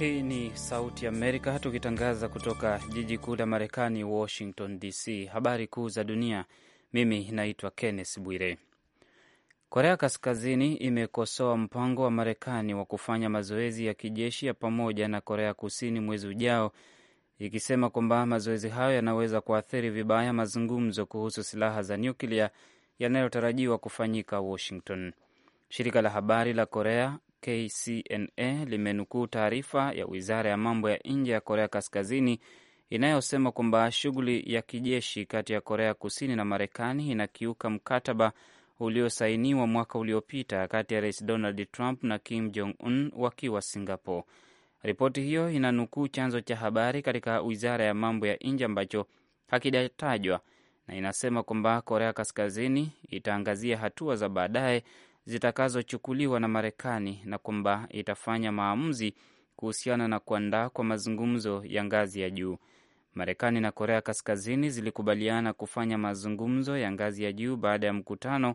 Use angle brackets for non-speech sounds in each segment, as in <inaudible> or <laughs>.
Hii ni Sauti Amerika tukitangaza kutoka jiji kuu la Marekani, Washington DC. Habari kuu za dunia. Mimi naitwa Kenneth Bwire. Korea Kaskazini imekosoa mpango wa Marekani wa kufanya mazoezi ya kijeshi ya pamoja na Korea Kusini mwezi ujao, ikisema kwamba mazoezi hayo yanaweza kuathiri vibaya mazungumzo kuhusu silaha za nyuklia yanayotarajiwa kufanyika Washington. Shirika la habari la Korea KCNA limenukuu taarifa ya wizara ya mambo ya nje ya Korea Kaskazini inayosema kwamba shughuli ya kijeshi kati ya Korea Kusini na Marekani inakiuka mkataba uliosainiwa mwaka uliopita kati ya Rais Donald Trump na Kim Jong Un wakiwa Singapore. Ripoti hiyo inanukuu chanzo cha habari katika wizara ya mambo ya nje ambacho hakijatajwa na inasema kwamba Korea Kaskazini itaangazia hatua za baadaye zitakazochukuliwa na Marekani na kwamba itafanya maamuzi kuhusiana na kuandaa kwa mazungumzo ya ngazi ya juu. Marekani na Korea Kaskazini zilikubaliana kufanya mazungumzo ya ngazi ya juu baada ya mkutano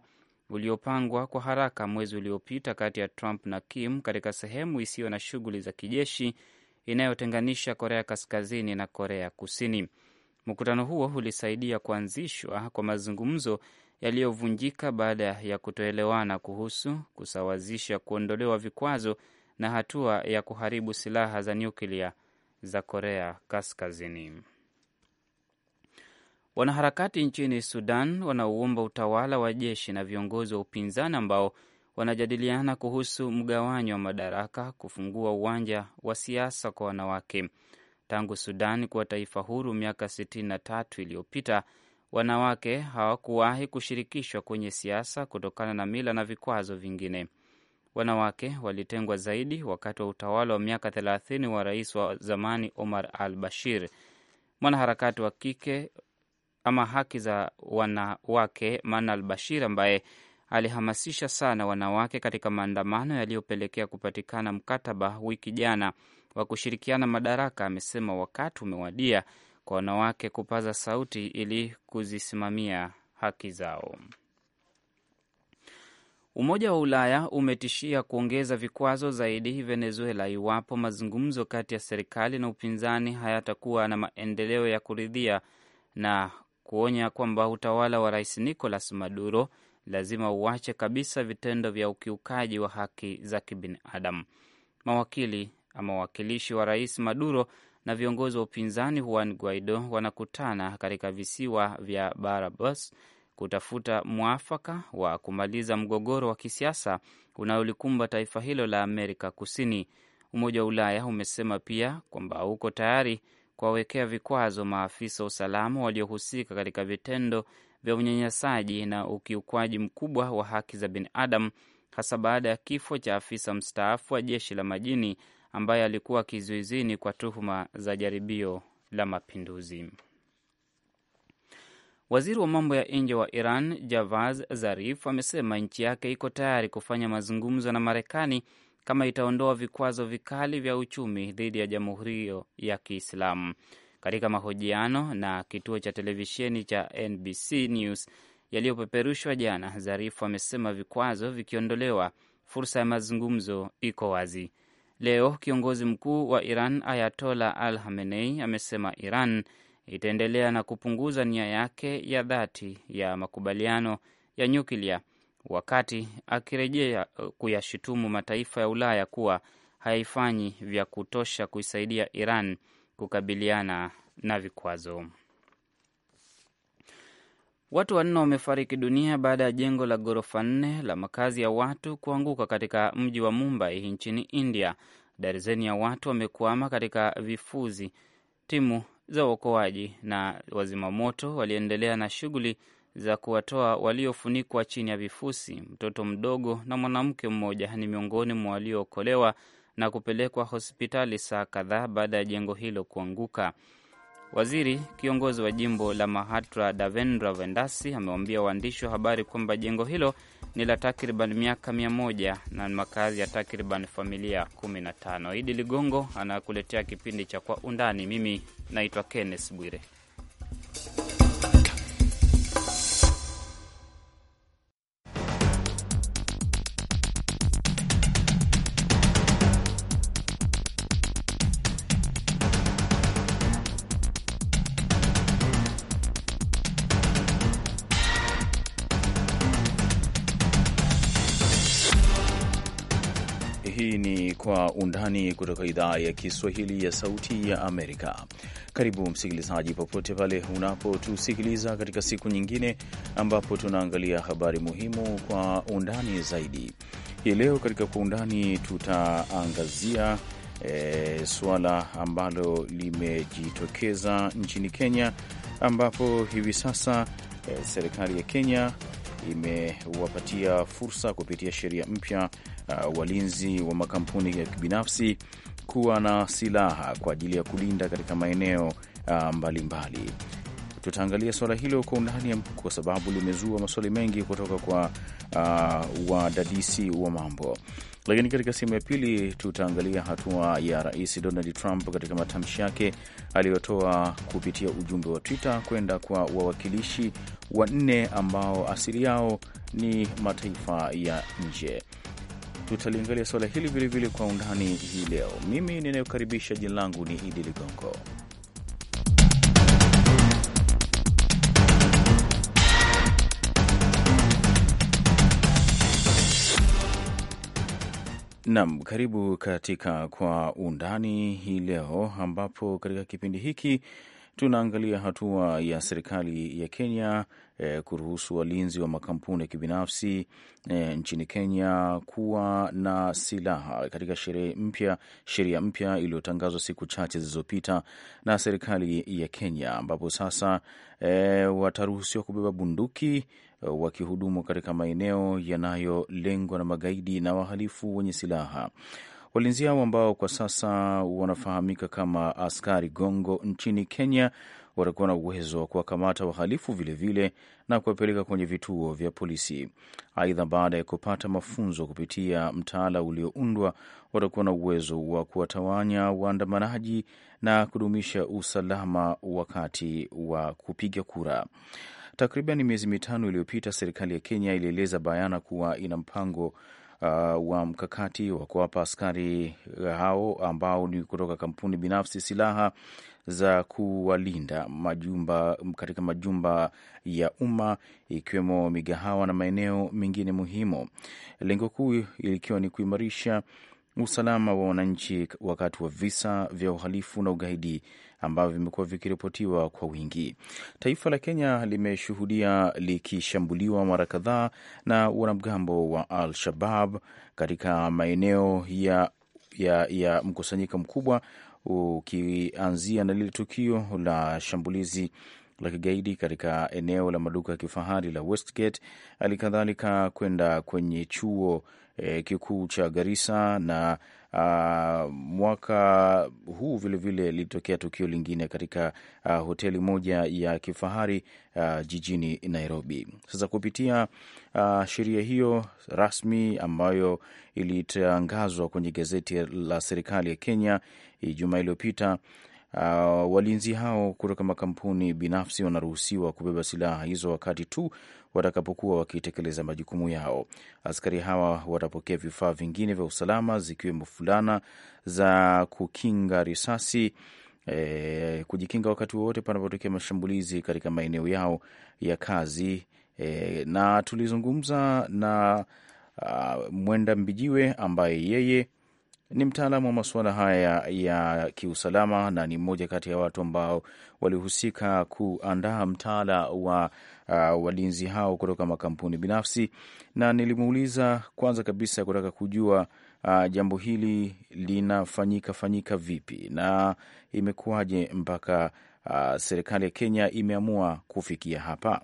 uliopangwa kwa haraka mwezi uliopita kati ya Trump na Kim katika sehemu isiyo na shughuli za kijeshi inayotenganisha Korea Kaskazini na Korea Kusini. Mkutano huo ulisaidia kuanzishwa kwa mazungumzo yaliyovunjika baada ya kutoelewana kuhusu kusawazisha kuondolewa vikwazo na hatua ya kuharibu silaha za nyuklia za Korea Kaskazini. Wanaharakati nchini Sudan wanaoumba utawala wa jeshi na viongozi wa upinzani ambao wanajadiliana kuhusu mgawanyo wa madaraka kufungua uwanja wa siasa kwa wanawake. Tangu Sudan kuwa taifa huru miaka 63 iliyopita wanawake hawakuwahi kushirikishwa kwenye siasa kutokana na mila na vikwazo vingine. Wanawake walitengwa zaidi wakati wa utawala wa miaka 30 wa rais wa zamani Omar al Bashir. Mwanaharakati wa kike ama haki za wanawake Mana al Bashir, ambaye alihamasisha sana wanawake katika maandamano yaliyopelekea kupatikana mkataba wiki jana wa kushirikiana madaraka, amesema wakati umewadia kwa wanawake kupaza sauti ili kuzisimamia haki zao. Umoja wa Ulaya umetishia kuongeza vikwazo zaidi Venezuela iwapo mazungumzo kati ya serikali na upinzani hayatakuwa na maendeleo ya kuridhia na kuonya kwamba utawala wa Rais Nicolas Maduro lazima uache kabisa vitendo vya ukiukaji wa haki za kibinadamu. Mawakili ama wawakilishi wa Rais Maduro na viongozi wa upinzani Juan Guaido wanakutana katika visiwa vya Barbados kutafuta mwafaka wa kumaliza mgogoro wa kisiasa unaolikumba taifa hilo la Amerika Kusini. Umoja wa Ulaya umesema pia kwamba uko tayari kuwawekea vikwazo maafisa wa usalama waliohusika katika vitendo vya unyanyasaji na ukiukwaji mkubwa wa haki za binadamu hasa baada ya kifo cha afisa mstaafu wa jeshi la majini ambaye alikuwa kizuizini kwa tuhuma za jaribio la mapinduzi. Waziri wa mambo ya nje wa Iran Javad Zarif amesema nchi yake iko tayari kufanya mazungumzo na Marekani kama itaondoa vikwazo vikali vya uchumi dhidi ya jamhuri hiyo ya Kiislamu. Katika mahojiano na kituo cha televisheni cha NBC News yaliyopeperushwa jana, Zarif amesema vikwazo vikiondolewa, fursa ya mazungumzo iko wazi. Leo kiongozi mkuu wa Iran Ayatola Al Hamenei amesema Iran itaendelea na kupunguza nia yake ya dhati ya makubaliano ya nyuklia, wakati akirejea uh, kuyashutumu mataifa ya Ulaya kuwa hayaifanyi vya kutosha kuisaidia Iran kukabiliana na vikwazo. Watu wanne wamefariki dunia baada ya jengo la ghorofa nne la makazi ya watu kuanguka katika mji wa Mumbai nchini India. Darizeni ya watu wamekwama katika vifuzi. Timu za uokoaji na wazimamoto waliendelea na shughuli za kuwatoa waliofunikwa chini ya vifusi. Mtoto mdogo na mwanamke mmoja ni miongoni mwa waliookolewa na kupelekwa hospitali saa kadhaa baada ya jengo hilo kuanguka. Waziri kiongozi wa jimbo la Mahatra Davendra Vendasi amewaambia waandishi wa habari kwamba jengo hilo ni la takriban miaka mia moja na makazi ya takriban familia kumi na tano. Idi Ligongo anakuletea kipindi cha Kwa Undani. Mimi naitwa Kenneth Bwire. Marekani kutoka idhaa ya Kiswahili ya Sauti ya Amerika. Karibu msikilizaji, popote pale unapotusikiliza katika siku nyingine ambapo tunaangalia habari muhimu kwa undani zaidi. Hii leo katika kwa undani tutaangazia e, suala ambalo limejitokeza nchini Kenya ambapo hivi sasa e, serikali ya Kenya imewapatia fursa kupitia sheria mpya uh, walinzi wa makampuni ya kibinafsi kuwa na silaha kwa ajili ya kulinda katika maeneo uh, mbalimbali uh, mbali. Tutaangalia suala hilo kwa undani kwa sababu limezua maswali mengi kutoka kwa uh, wadadisi wa mambo. Lakini katika sehemu ya pili tutaangalia hatua ya Rais Donald Trump katika matamshi yake aliyotoa kupitia ujumbe wa Twitter kwenda kwa wawakilishi wanne ambao asili yao ni mataifa ya nje. Tutaliangalia suala hili vilevile kwa undani hii leo. Mimi ninayokaribisha, jina langu ni Idi Ligongo. nam karibu katika Kwa Undani hii leo, ambapo katika kipindi hiki tunaangalia hatua ya serikali ya Kenya e, kuruhusu walinzi wa makampuni ya kibinafsi e, nchini Kenya kuwa na silaha katika sheria mpya, sheria mpya iliyotangazwa siku chache zilizopita na serikali ya Kenya, ambapo sasa e, wataruhusiwa kubeba bunduki Uh, wakihudumu katika maeneo yanayolengwa na magaidi na wahalifu wenye silaha. Walinzi hao ambao kwa sasa wanafahamika kama askari gongo nchini Kenya watakuwa na uwezo wa kuwakamata wahalifu vilevile na kuwapeleka kwenye vituo vya polisi. Aidha, baada ya kupata mafunzo kupitia mtaala ulioundwa, watakuwa na uwezo wa kuwatawanya waandamanaji na kudumisha usalama wakati wa kupiga kura. Takriban miezi mitano iliyopita, serikali ya Kenya ilieleza bayana kuwa ina mpango uh, wa mkakati wa kuwapa askari hao ambao ni kutoka kampuni binafsi silaha za kuwalinda majumba katika majumba ya umma ikiwemo migahawa na maeneo mengine muhimu, lengo kuu ilikiwa ni kuimarisha usalama wa wananchi wakati wa visa vya uhalifu na ugaidi ambavyo vimekuwa vikiripotiwa kwa wingi. Taifa la Kenya limeshuhudia likishambuliwa mara kadhaa na wanamgambo wa Al Shabab katika maeneo ya, ya, ya mkusanyiko mkubwa ukianzia na lile tukio la shambulizi la kigaidi katika eneo la maduka ya kifahari la Westgate, hali kwenda kwenye chuo e, kikuu cha Garissa na Uh, mwaka huu vilevile lilitokea tukio lingine katika uh, hoteli moja ya kifahari uh, jijini Nairobi. Sasa kupitia uh, sheria hiyo rasmi ambayo ilitangazwa kwenye gazeti la serikali ya Kenya Ijumaa iliyopita Uh, walinzi hao kutoka makampuni binafsi wanaruhusiwa kubeba silaha hizo wakati tu watakapokuwa wakitekeleza majukumu yao. Askari hawa watapokea vifaa vingine vya usalama zikiwemo fulana za kukinga risasi E, kujikinga wakati wowote panapotokea mashambulizi katika maeneo yao ya kazi. E, na tulizungumza na uh, Mwenda Mbijiwe ambaye yeye ni mtaalamu wa masuala haya ya kiusalama na ni mmoja kati ya watu ambao walihusika kuandaa mtaala wa uh, walinzi hao kutoka makampuni binafsi, na nilimuuliza kwanza kabisa kutaka kujua uh, jambo hili linafanyika fanyika vipi na imekuwaje mpaka uh, serikali ya Kenya imeamua kufikia hapa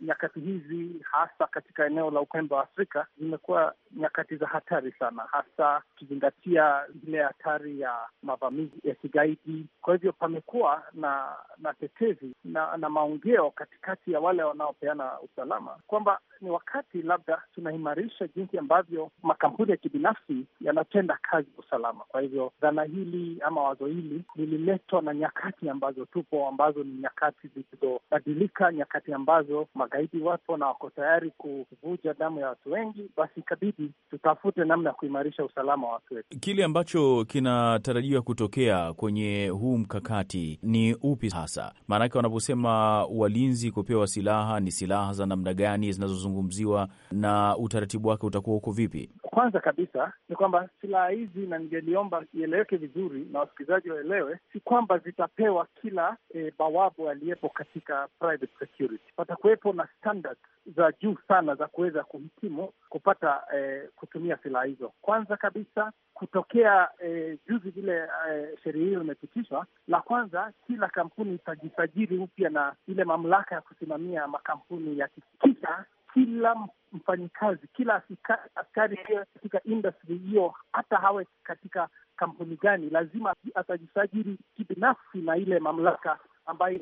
nyakati hizi hasa katika eneo la upembe wa Afrika zimekuwa nyakati za hatari sana, hasa ukizingatia ile hatari ya mavamizi ya kigaidi. Kwa hivyo pamekuwa na na tetezi na, na maongeo katikati ya wale wanaopeana usalama kwamba ni wakati labda tunaimarisha jinsi ambavyo makampuni ya kibinafsi yanatenda kazi ya usalama. Kwa hivyo dhana hili ama wazo hili lililetwa na nyakati ambazo tupo, ambazo ni nyakati zilizobadilika, nyakati ambazo magaidi wapo na wako tayari kuvuja damu ya watu wengi, basi ikabidi tutafute namna ya kuimarisha usalama wa watu wetu. Kile ambacho kinatarajiwa kutokea kwenye huu mkakati ni upi hasa? Maanake wanaposema walinzi kupewa silaha, ni silaha za namna gani zinazozungumziwa na utaratibu wake utakuwa huko vipi? Kwanza kabisa ni kwamba silaha hizi, na ningeliomba ieleweke vizuri na wasikilizaji waelewe, si kwamba zitapewa kila e, bawabu aliyepo katika private security. Patakuwepo na standard za juu sana za kuweza kuhitimu kupata eh, kutumia silaha hizo. Kwanza kabisa kutokea eh, juzi vile eh, sheria hiyo imepitishwa, la kwanza kila kampuni itajisajili upya na ile mamlaka ya kusimamia makampuni ya kisha kila mfanyikazi kila askari hiyo katika industry hiyo, hata hawe katika kampuni gani, lazima atajisajili kibinafsi na ile mamlaka ambayo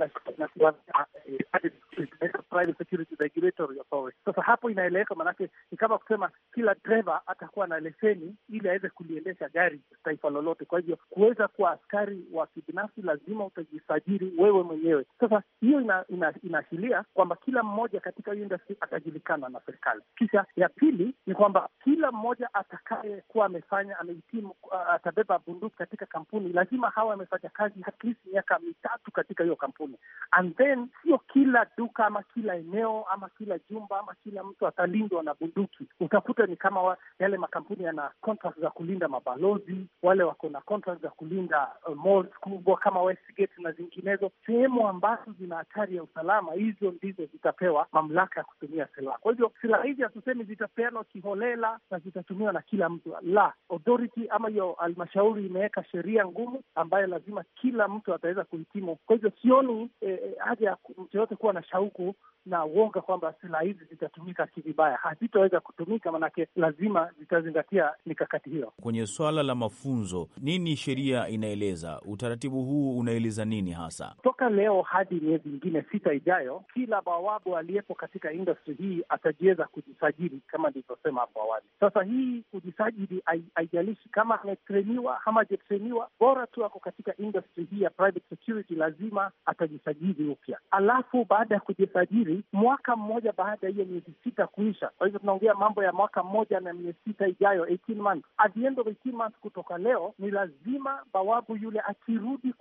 Private Security Regulatory Authority. Sasa hapo inaeleweka, maanake ni kama kusema kila dreva atakuwa na leseni ili aweze kuliendesha gari taifa lolote. Kwa hivyo kuweza kuwa askari wa kibinafsi, lazima utajisajili wewe mwenyewe. Sasa hiyo inaashiria ina, ina kwamba kila mmoja katika hiyo industry atajulikana na serikali. Kisha ya pili ni kwamba kila mmoja atakayekuwa amefanya amehitimu, atabeba bunduki katika kampuni, lazima hawa amefanya kazi at least miaka mitatu katika hiyo kampuni and then sio kila duka ama kila eneo ama kila jumba ama kila mtu atalindwa na bunduki. Utakuta ni kama wa, yale makampuni yana contract za kulinda mabalozi, wale wako na contract za kulinda uh, malls kubwa kama Westgate na zinginezo, sehemu ambazo zina hatari ya usalama, hizo ndizo zitapewa mamlaka ya kutumia silaha. Kwa hivyo silaha hizi hatusemi zitapeanwa kiholela na zitatumiwa na kila mtu, la authority ama hiyo halmashauri imeweka sheria ngumu ambayo lazima kila mtu ataweza kuhitimu. Kwa hivyo sioni eh, eh haja ya mtu yoyote kuwa na shauku na uoga kwamba silaha hizi zitatumika kivibaya. hazitoweza kutumika, manake lazima zitazingatia mikakati hiyo. Kwenye swala la mafunzo, nini sheria inaeleza? Utaratibu huu unaeleza nini hasa? Toka leo hadi miezi ingine sita ijayo, kila bawabu aliyepo katika industry hii atajiweza kujisajili kama nilivyosema hapo awali. Sasa hii kujisajili haijalishi kama ametreniwa ama hajatreniwa, bora tu ako katika industry hii ya private security, lazima atajisajili upya. Alafu baada ya kujisajili mwaka mmoja baada ya hiyo miezi sita kuisha. Kwa hivyo tunaongea mambo ya mwaka mmoja na miezi sita ijayo, 18 months. At the end of 18 months kutoka leo, ni lazima bawabu yule akirudi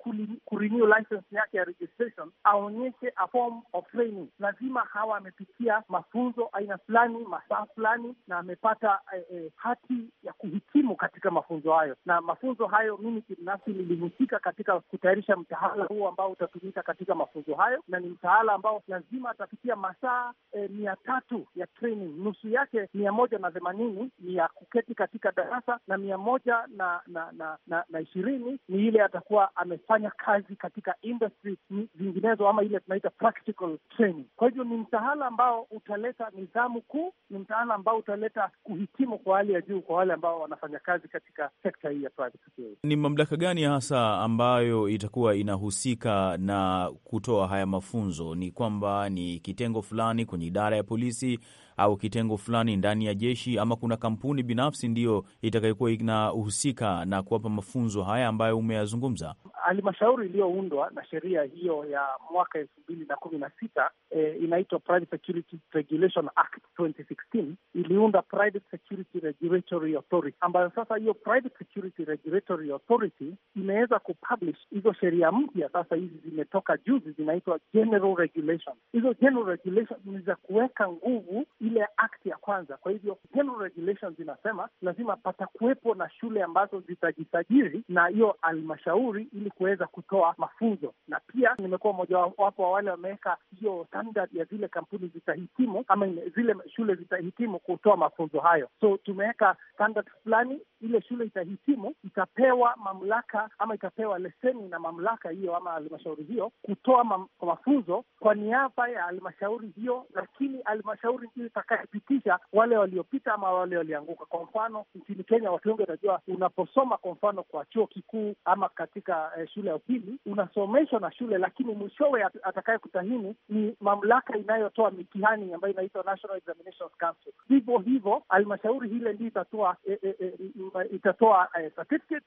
kurenew license yake ya registration aonyeshe a form of training. Lazima hawa amepitia mafunzo aina fulani, masaa fulani, na amepata eh, eh, hati ya kuhitimu katika mafunzo hayo, na mafunzo hayo mimi kibinafsi nilihusika katika kutayarisha mtahala huo ambao utatumika katika mafunzo hayo, na ni mtahala ambao lazima kupitia masaa e, mia tatu ya training, nusu yake mia moja na themanini ni ya kuketi katika darasa na mia moja na na na, na, na ishirini ni ile atakuwa amefanya kazi katika industry zinginezo ama ile tunaita practical training. Kwa hivyo ni mtahala ambao utaleta nidhamu kuu, ni mtahala ambao utaleta kuhitimu kwa hali ya juu kwa wale ambao wanafanya kazi katika sekta hii ya private security. Ni mamlaka gani hasa ambayo itakuwa inahusika na kutoa haya mafunzo? Ni kwamba ni kitengo fulani kwenye idara ya polisi au kitengo fulani ndani ya jeshi ama kuna kampuni binafsi ndiyo itakayokuwa inahusika na kuwapa mafunzo haya ambayo umeyazungumza? Halmashauri iliyoundwa na sheria hiyo ya mwaka elfu mbili na kumi na sita e, inaitwa Private Security Regulation Act 2016 iliunda Private Security Regulatory Authority, ambayo sasa hiyo Private Security Regulatory Authority imeweza kupublish hizo sheria mpya. Sasa hizi zimetoka juzi, zinaitwa general regulation. Hizo general regulation ni za kuweka nguvu ile akti ya kwanza. Kwa hivyo general regulations inasema lazima patakuwepo na shule ambazo zitajisajili na hiyo halmashauri ili kuweza kutoa mafunzo, na pia nimekuwa mojawapo wa wale wameweka hiyo standard ya zile kampuni zitahitimu ama zile shule zitahitimu kutoa mafunzo hayo. So tumeweka standard fulani, ile shule itahitimu itapewa mamlaka ama itapewa leseni na mamlaka hiyo ama halmashauri hiyo kutoa mafunzo kwa niaba ya halmashauri hiyo, lakini halmashauri atakayepitisha wale waliopita ama wale walianguka. Kwa mfano nchini Kenya, watu wengi wanajua, unaposoma kwa mfano kwa chuo kikuu ama katika eh, shule ya upili unasomeshwa na shule, lakini mwishowe atakaye kutahini ni mamlaka inayotoa mitihani ambayo inaitwa National Examinations Council. Vivyo hivyo halmashauri hile ndio itatoa eh, eh, eh itatoa eh,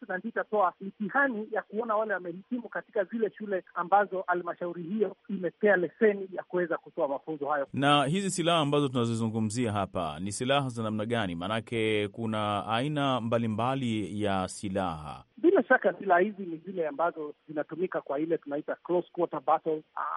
na ndio itatoa mitihani ya kuona wale wamehitimu katika zile shule ambazo halmashauri hiyo imepea leseni ya kuweza kutoa mafunzo hayo. Na hizi silaha ambazo tunazo tunazozungumzia hapa ni silaha za namna gani? Maanake kuna aina mbalimbali mbali ya silaha bila shaka silaha hizi ni zile ambazo zinatumika kwa ile tunaita close quarter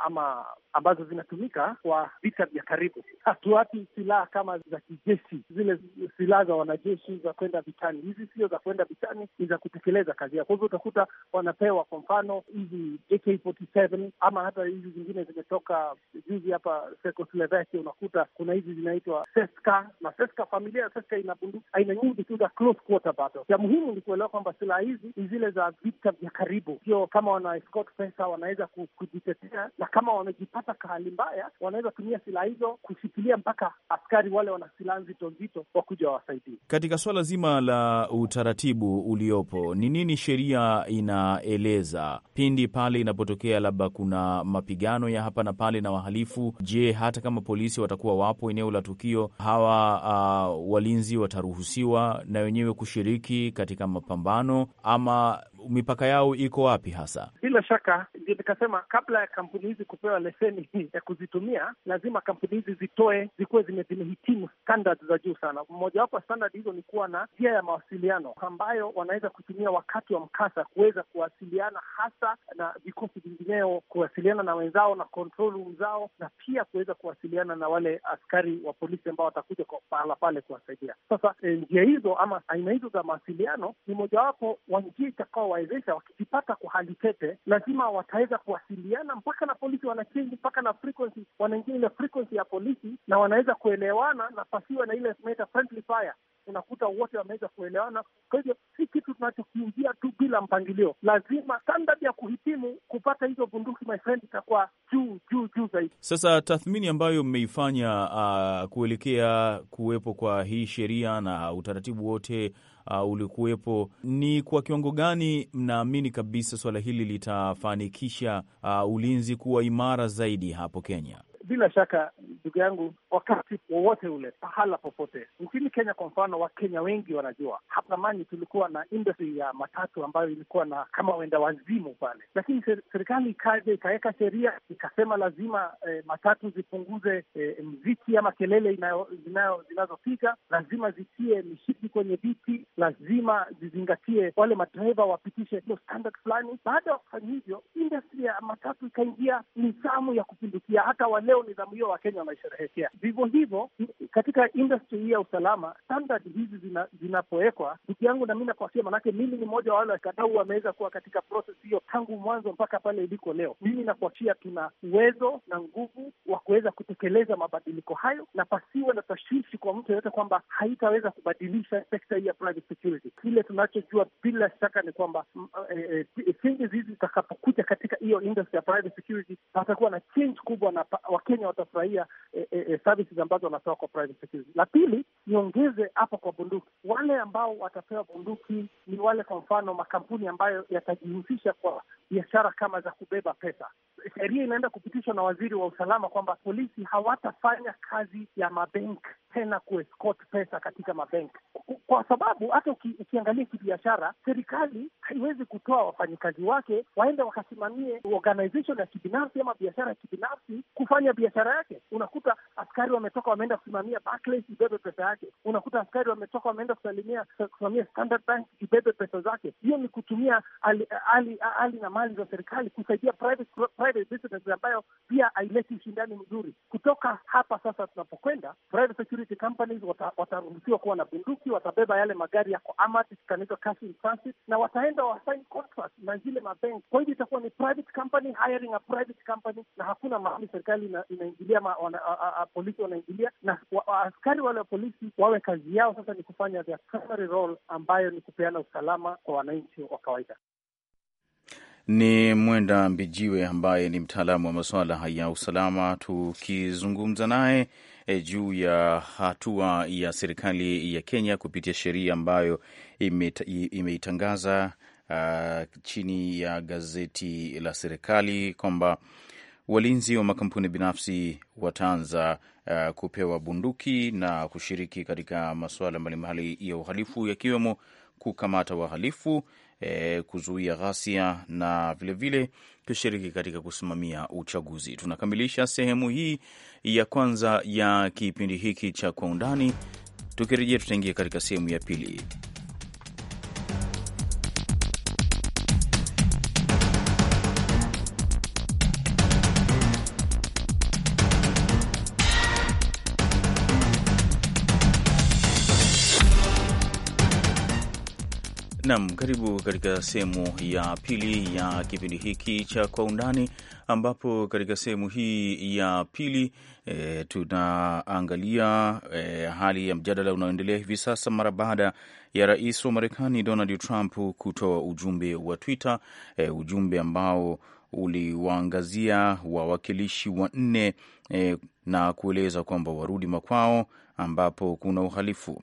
ama ambazo zinatumika kwa vita vya karibu. hatuati silaha kama za kijeshi, zile silaha za wanajeshi za kwenda vitani. Hizi sio za kwenda vitani, ni za kutekeleza kazi yao. Kwa hivyo utakuta wanapewa kwa mfano hizi AK47 ama hata hizi zingine zimetoka juzi hapa Czechoslovakia. Unakuta kuna hizi zinaitwa Seska na Seska, familia ya Seska ina bunduki aina nyingi tu za close quarter battle. Ya muhimu ni kuelewa kwamba silaha hizi zile za vita vya karibu, sio kama wana escort pesa, wanaweza kujitetea, na kama wamejipata kahali mbaya, wanaweza tumia silaha hizo kushikilia mpaka askari wale wana silaha nzito nzito wakuja wawasaidie. Katika swala zima la utaratibu uliopo, ni nini sheria inaeleza pindi pale inapotokea labda kuna mapigano ya hapa na pale na wahalifu? Je, hata kama polisi watakuwa wapo eneo la tukio, hawa uh, walinzi wataruhusiwa na wenyewe kushiriki katika mapambano ama uh, mipaka yao iko wapi hasa? Bila shaka ndio nikasema, kabla ya kampuni hizi kupewa leseni <laughs> ya kuzitumia, lazima kampuni hizi zitoe, zikuwe zimehitimu standard za juu sana. mmojawapo ya standard hizo ni kuwa na njia ya mawasiliano ambayo wanaweza kutumia wakati wa mkasa kuweza kuwasiliana hasa na vikosi vingineo, kuwasiliana na wenzao na control room zao, na pia kuweza kuwasiliana na wale askari wa polisi ambao watakuja kwa pahala pale kuwasaidia. Sasa eh, njia hizo ama aina hizo za mawasiliano ni mojawapo wa njia itakao inawawezesha wakijipata kwa hali tete, lazima wataweza kuwasiliana mpaka na polisi, wanachange mpaka na frequency, wanaingia ile frequency ya polisi na wanaweza kuelewana na pasiwe na ile tunaita friendly fire unakuta wote wameweza kuelewana. Kwa hivyo si kitu tunachokiingia tu bila mpangilio, lazima standard ya kuhitimu kupata hizo bunduki, my friend, itakuwa juu juu juu zaidi. Sasa tathmini ambayo mmeifanya uh, kuelekea kuwepo kwa hii sheria na utaratibu wote uh, ulikuwepo. Ni kwa kiwango gani mnaamini kabisa swala hili litafanikisha uh, ulinzi kuwa imara zaidi hapo Kenya? bila shaka ndugu yangu, wakati wowote ule, pahala popote nchini Kenya. Kwa mfano, Wakenya wengi wanajua, hapa zamani tulikuwa na industry ya matatu ambayo ilikuwa na kama wenda wazimu pale, lakini serikali ikaja ikaweka sheria ikasema lazima eh, matatu zipunguze eh, mziki ama kelele zinazopiga, lazima zitie mishipi kwenye viti, lazima zizingatie wale madereva wapitishe hiyo standard fulani. Baada ya kufanya hivyo, industry ya matatu ikaingia nidhamu ya kupindukia, hata wale leo zamu hiyo Wakenya wanaisherehekea. Vivyo hivyo katika industry hii ya usalama, standard hizi zinapowekwa, zina ndugu yangu nami nakwambia, manake mimi ni mmoja wa wale wakadau wameweza kuwa katika proses hiyo tangu mwanzo mpaka pale iliko leo. Mimi nakwambia tuna uwezo na nguvu wa kuweza kutekeleza mabadiliko hayo, na pasiwe na tashwishi kwa mtu yoyote kwamba haitaweza kubadilisha sekta hii ya private security. Kile tunachojua bila shaka ni kwamba changes e, e, hizi zitakapokuja katika hiyo industry ya private security, patakuwa na change kubwa na Wakenya watafurahia e, e, services ambazo wanatoa kwa private security. La pili, niongeze hapo kwa bunduki, wale ambao watapewa bunduki ni wale, kwa mfano, makampuni ambayo yatajihusisha kwa biashara kama za kubeba pesa. Sheria inaenda kupitishwa na waziri wa usalama kwamba polisi hawatafanya kazi ya mabenki tena kuescort pesa katika mabenki, kwa sababu hata uki, ukiangalia kibiashara, serikali haiwezi kutoa wafanyikazi wake waende wakasimamie organization ya kibinafsi ama biashara ya kibinafsi kufanya kusimamia biashara yake. Unakuta askari wametoka wameenda kusimamia Barclays ibebe pesa yake. Unakuta askari wametoka wameenda kusalimia kusimamia Standard Bank ibebe pesa zake. Hiyo ni kutumia hali na mali za serikali kusaidia private, private business ambayo pia haileti ushindani mzuri. Kutoka hapa sasa tunapokwenda, private security companies wataruhusiwa kuwa na bunduki, watabeba yale magari yako amat kanaitwa cash in transit, na wataenda wa contract na zile mabenki. Kwa hivyo itakuwa ni private company hiring a private company, na hakuna mahali serikali inaingilia wana, polisi wanaingilia na wa, askari wale wa polisi wawe kazi yao sasa ni kufanya primary role ambayo ni kupeana usalama kwa wananchi wa kawaida. Ni Mwenda Mbijiwe ambaye ni mtaalamu wa masuala ya usalama tukizungumza naye E, juu ya hatua ya serikali ya Kenya kupitia sheria ambayo imeitangaza ime uh, ah, chini ya gazeti la serikali kwamba walinzi wa makampuni binafsi wataanza uh, kupewa bunduki na kushiriki katika masuala mbalimbali ya uhalifu yakiwemo kukamata wahalifu eh, kuzuia ghasia na vilevile vile kushiriki katika kusimamia uchaguzi. Tunakamilisha sehemu hii ya kwanza ya kipindi hiki cha Kwa Undani. Tukirejea tutaingia katika sehemu ya pili. Nam, karibu katika sehemu ya pili ya kipindi hiki cha Kwa Undani, ambapo katika sehemu hii ya pili e, tunaangalia e, hali ya mjadala unaoendelea hivi sasa mara baada ya rais wa Marekani Donald Trump kutoa ujumbe wa Twitter, e, ujumbe ambao uliwaangazia wawakilishi wanne e, na kueleza kwamba warudi makwao ambapo kuna uhalifu.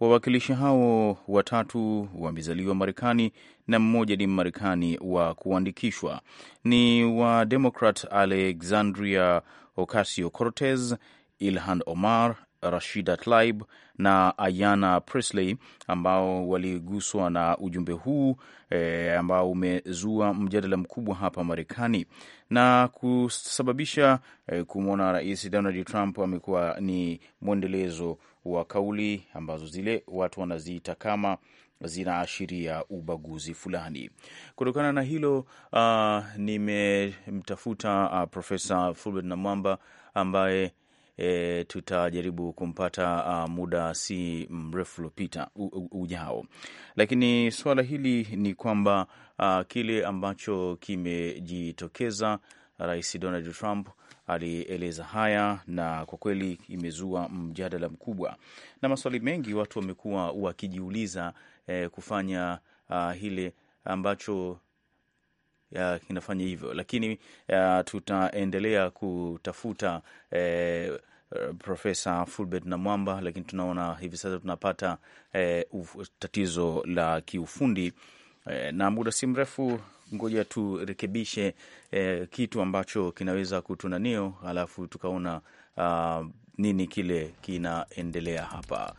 Wawakilishi hao watatu wamezaliwa Marekani na mmoja ni Mmarekani wa kuandikishwa. Ni wa Demokrat Alexandria Ocasio Cortez, Ilhan Omar, Rashida Tlaib na ayana Presley ambao waliguswa na ujumbe huu e, ambao umezua mjadala mkubwa hapa Marekani na kusababisha e, kumwona Rais Donald Trump amekuwa ni mwendelezo wa kauli ambazo zile watu wanaziita kama zinaashiria ubaguzi fulani. Kutokana na hilo, uh, nimemtafuta uh, Profesa Fulbert Namwamba ambaye E, tutajaribu kumpata uh, muda si mrefu uliopita ujao, lakini suala hili ni kwamba uh, kile ambacho kimejitokeza Rais Donald Trump alieleza haya, na kwa kweli imezua mjadala mkubwa na maswali mengi. Watu wamekuwa wakijiuliza eh, kufanya uh, hile ambacho ya, kinafanya hivyo lakini ya, tutaendelea kutafuta eh, Profesa Fulbert na Mwamba, lakini tunaona hivi sasa tunapata eh, uf, tatizo la kiufundi eh, na muda si mrefu ngoja turekebishe eh, kitu ambacho kinaweza kutunanio, halafu tukaona uh, nini kile kinaendelea hapa.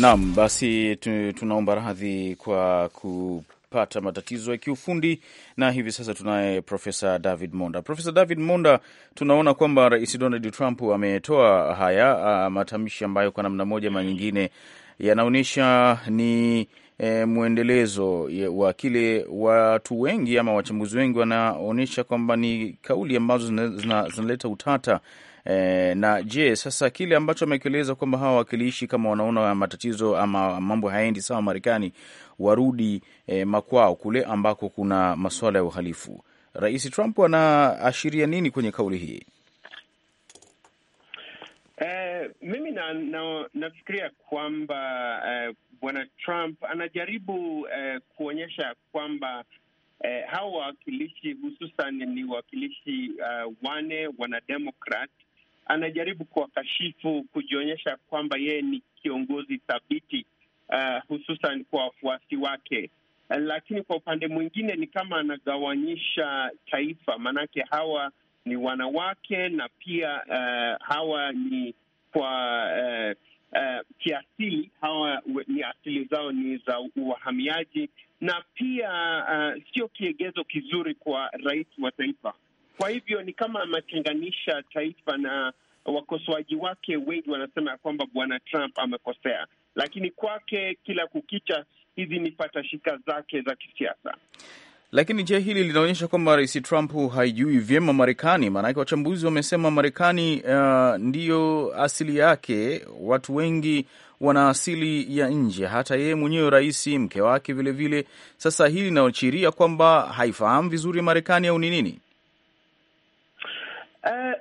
Naam, basi tunaomba radhi kwa kupata matatizo ya kiufundi, na hivi sasa tunaye Profesa David Monda. Profesa David Monda, tunaona kwamba Rais Donald Trump ametoa haya ah, matamshi ambayo kwa namna moja ama nyingine yanaonyesha ni e, mwendelezo wa kile watu wengi ama wachambuzi wengi wanaonyesha kwamba ni kauli ambazo zinaleta utata E, na je, sasa kile ambacho amekieleza kwamba hawa wakilishi kama wanaona matatizo ama mambo hayaendi sawa Marekani warudi e, makwao kule ambako kuna masuala ya uhalifu. Rais Trump anaashiria nini kwenye kauli hii? Eh, mimi na, na, nafikiria kwamba eh, bwana Trump anajaribu eh, kuonyesha kwamba eh, hawa wawakilishi hususan ni wawakilishi uh, wane wanademokrat anajaribu kuwakashifu, kujionyesha kwamba yeye ni kiongozi thabiti, uh, hususan kwa wafuasi wake. Lakini kwa upande mwingine ni kama anagawanyisha taifa, maanake hawa ni wanawake na pia uh, hawa ni kwa uh, uh, kiasili hawa ni asili zao ni za uhamiaji, na pia uh, sio kiegezo kizuri kwa rais wa taifa kwa hivyo ni kama ametenganisha taifa na wakosoaji wake wengi wanasema ya kwamba bwana Trump amekosea, lakini kwake kila kukicha hizi ni patashika zake za kisiasa. Lakini je, hili linaonyesha kwamba rais Trump haijui vyema Marekani? Maanake wachambuzi wamesema Marekani uh, ndiyo asili yake, watu wengi wana asili ya nje, hata yeye mwenyewe rais, mke wake vilevile. Sasa hili linaashiria kwamba haifahamu vizuri Marekani au ni nini? Eh,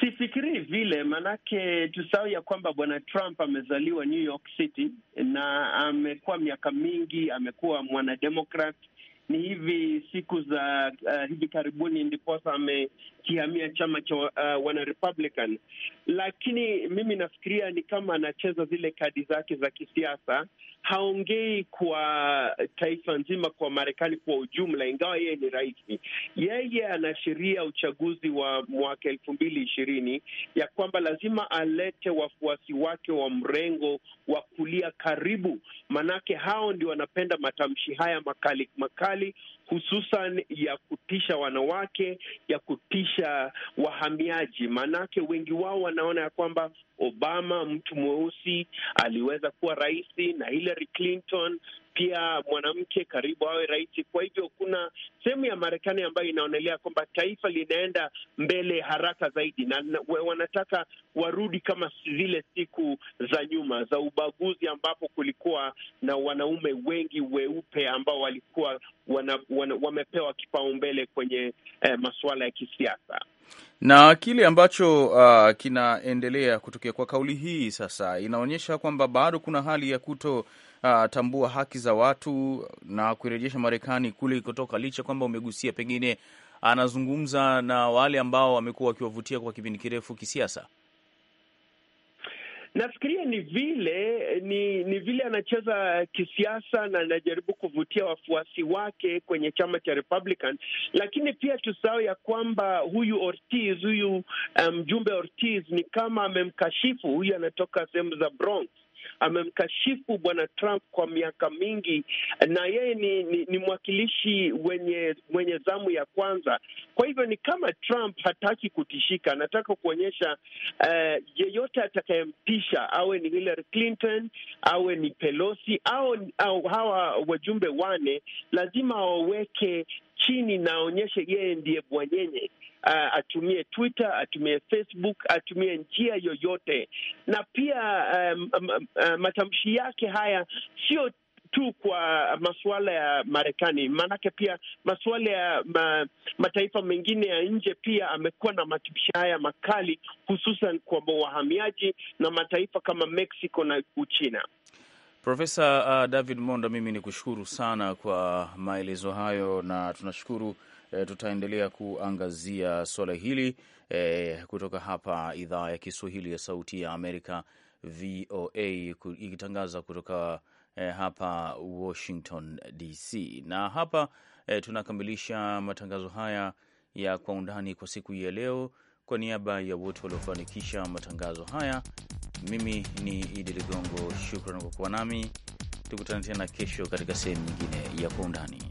sifikiri sifikirii vile maanake, tusahau ya kwamba bwana Trump amezaliwa New York City na amekuwa miaka mingi amekuwa mwanademokrat. Ni hivi siku za uh, hivi karibuni ndiposa ame akihamia chama cha uh, wana Republican, lakini mimi nafikiria ni kama anacheza zile kadi zake za kisiasa. Haongei kwa taifa nzima, kwa Marekani kwa ujumla, ingawa yeye ni rais. Yeye anaashiria uchaguzi wa mwaka elfu mbili ishirini ya kwamba lazima alete wafuasi wake wa mrengo wa kulia karibu, manake hao ndio wanapenda matamshi haya makali makali hususan ya kutisha wanawake, ya kutisha wahamiaji, maanake wengi wao wanaona ya kwamba Obama mtu mweusi aliweza kuwa rais na Hillary Clinton pia mwanamke karibu awe rais. Kwa hivyo kuna sehemu ya Marekani ambayo inaonelea kwamba taifa linaenda mbele haraka zaidi, na wanataka warudi kama zile siku za nyuma za ubaguzi, ambapo kulikuwa na wanaume wengi weupe ambao walikuwa wana, wana, wamepewa kipaumbele kwenye eh, masuala ya kisiasa na kile ambacho uh, kinaendelea kutokea kwa kauli hii sasa inaonyesha kwamba bado kuna hali ya kuto uh, tambua haki za watu na kuirejesha Marekani kule kutoka licha kwamba umegusia pengine anazungumza na wale ambao wamekuwa wakiwavutia kwa kipindi kirefu kisiasa. Nafikiria ni vile ni ni vile anacheza kisiasa na anajaribu kuvutia wafuasi wake kwenye chama cha Republican, lakini pia tusahau ya kwamba huyu Ortiz, huyu um, mjumbe um, Ortiz ni kama amemkashifu huyu, anatoka sehemu za Bronx amemkashifu bwana Trump kwa miaka mingi, na yeye ni, ni, ni mwakilishi mwenye, mwenye zamu ya kwanza. Kwa hivyo ni kama Trump hataki kutishika, anataka kuonyesha uh, yeyote atakayemtisha awe ni Hillary Clinton awe ni Pelosi au, au hawa wajumbe wane lazima waweke chini na aonyeshe yeye ndiye bwanyenye uh, atumie Twitter, atumie Facebook, atumie njia yoyote, na pia um, um, um, uh, matamshi yake haya sio tu kwa masuala ya Marekani, maanake pia masuala ya ma, mataifa mengine ya nje pia amekuwa na matamshi haya makali, hususan kwa wahamiaji na mataifa kama Mexico na Uchina. Profesa uh, David Monda, mimi ni kushukuru sana kwa maelezo hayo na tunashukuru e, tutaendelea kuangazia swala hili e, kutoka hapa idhaa ya Kiswahili ya Sauti ya Amerika VOA ikitangaza kutoka e, hapa Washington DC. Na hapa e, tunakamilisha matangazo haya ya Kwa Undani kwa siku hii ya leo. Kwa niaba ya wote waliofanikisha matangazo haya, mimi ni Idi Ligongo, shukran kwa kuwa nami. Tukutane tena kesho katika sehemu nyingine ya Kwa Undani.